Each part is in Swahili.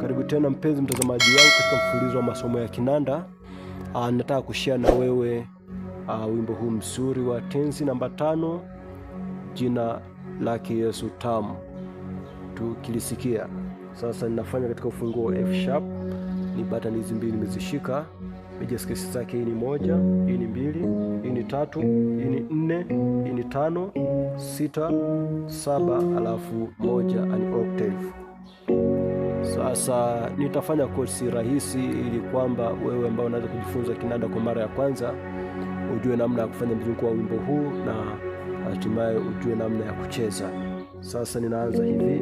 Karibu tena mpenzi mtazamaji wangu katika mfululizo wa masomo ya kinanda. Aa, ah, nataka kushare na wewe aa, ah, wimbo huu mzuri wa tenzi namba tano, jina lake Yesu tamu. Tukilisikia sasa, ninafanya katika ufunguo wa F sharp, ni button hizi mbili nimezishika Mejiskesi zake hii ni moja, hii ni mbili, hii ni tatu, hii ni nne, hii ni tano, sita, saba, alafu moja, an octave. Sasa nitafanya kosi rahisi ili kwamba wewe ambao unaweza kujifunza kinanda kwa mara ya kwanza ujue namna ya kufanya mzunguko wa wimbo huu na hatimaye ujue namna ya kucheza. Sasa ninaanza hivi,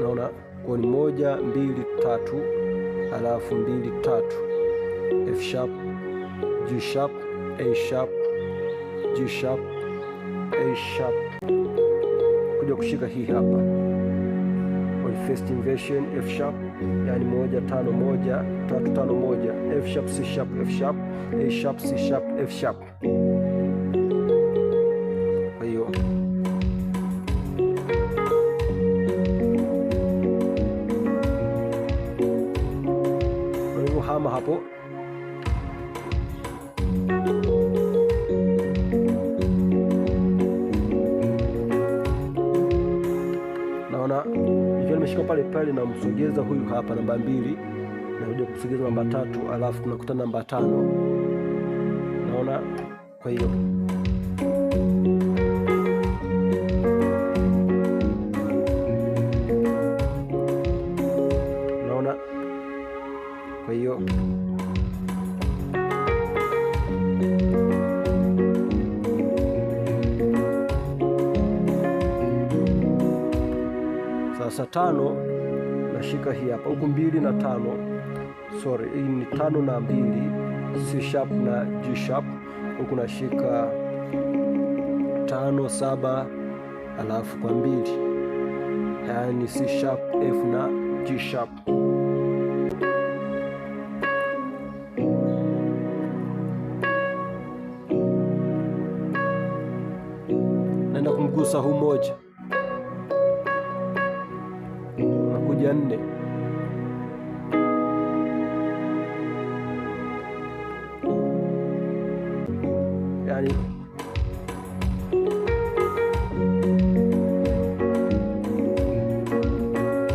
naona kwa ni moja, mbili tatu alafu mbili tatu, F sharp G sharp A sharp G sharp A sharp, kuja kushika hii hapa on first inversion F sharp, yani moja tano moja tatu tano moja, F sharp C sharp F sharp A sharp C sharp F sharp pale namsogeza huyu hapa namba mbili, nakuja kusogeza namba tatu, alafu tunakuta namba tano. Naona kwa hiyo naona kwa hiyo sasa tano nashika hii hapa huku mbili na tano, sorry, hii ni tano na mbili, C sharp na G sharp. Huku nashika tano saba, alafu kwa mbili, yaani C sharp F na G sharp. Naenda kumgusa huu moja na nne. Yani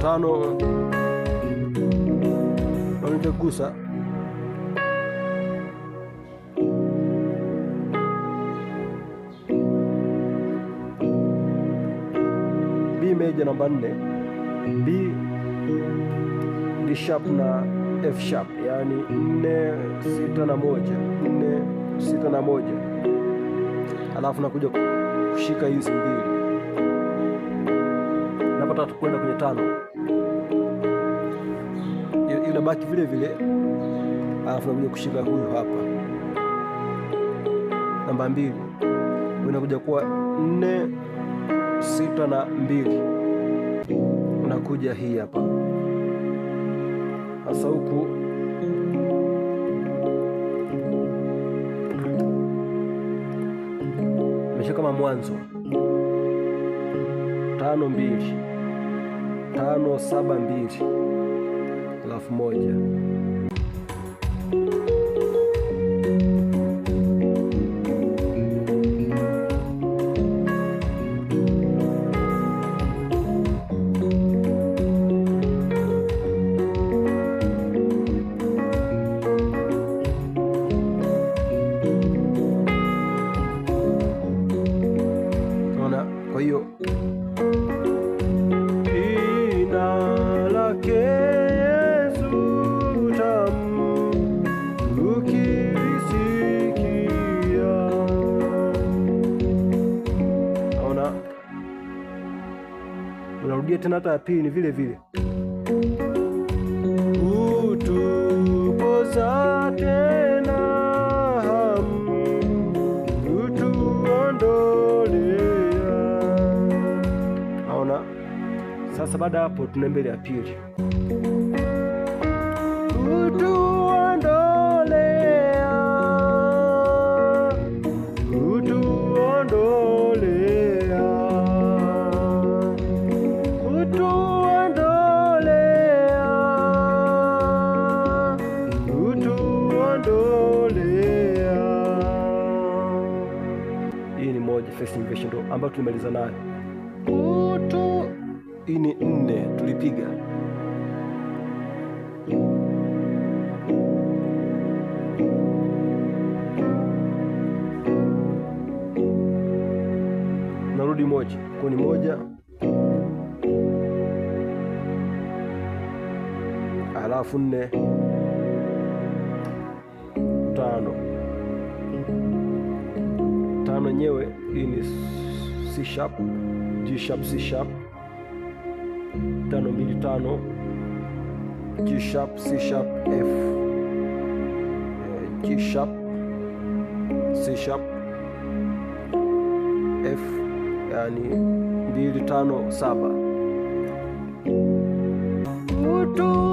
tano nitagusa B meja namba nne B D sharp na F sharp, yaani nne sita na moja, nne sita na moja, alafu nakuja kushika hizi mbili, napata kwenda kwenye tano, inabaki vile vile, alafu nakuja kushika huyu hapa namba mbili, inakuja kuwa nne sita na mbili, unakuja hii hapa hasa huku mesha kama mwanzo tano mbili tano saba mbili alafu moja Unarudia tena hata ya pili ni vile vile, utupoza tena sasa baada hapo tuna mbele ya pili Hii ni moja ambayo tulimaliza nayo hii ni nne tulipiga narudi moja koni moja alafu nne tano tano yenyewe hii ni C sharp G sharp C sharp tano mbili tano G sharp C sharp F G sharp C sharp F, yani mbili tano saba Mutu.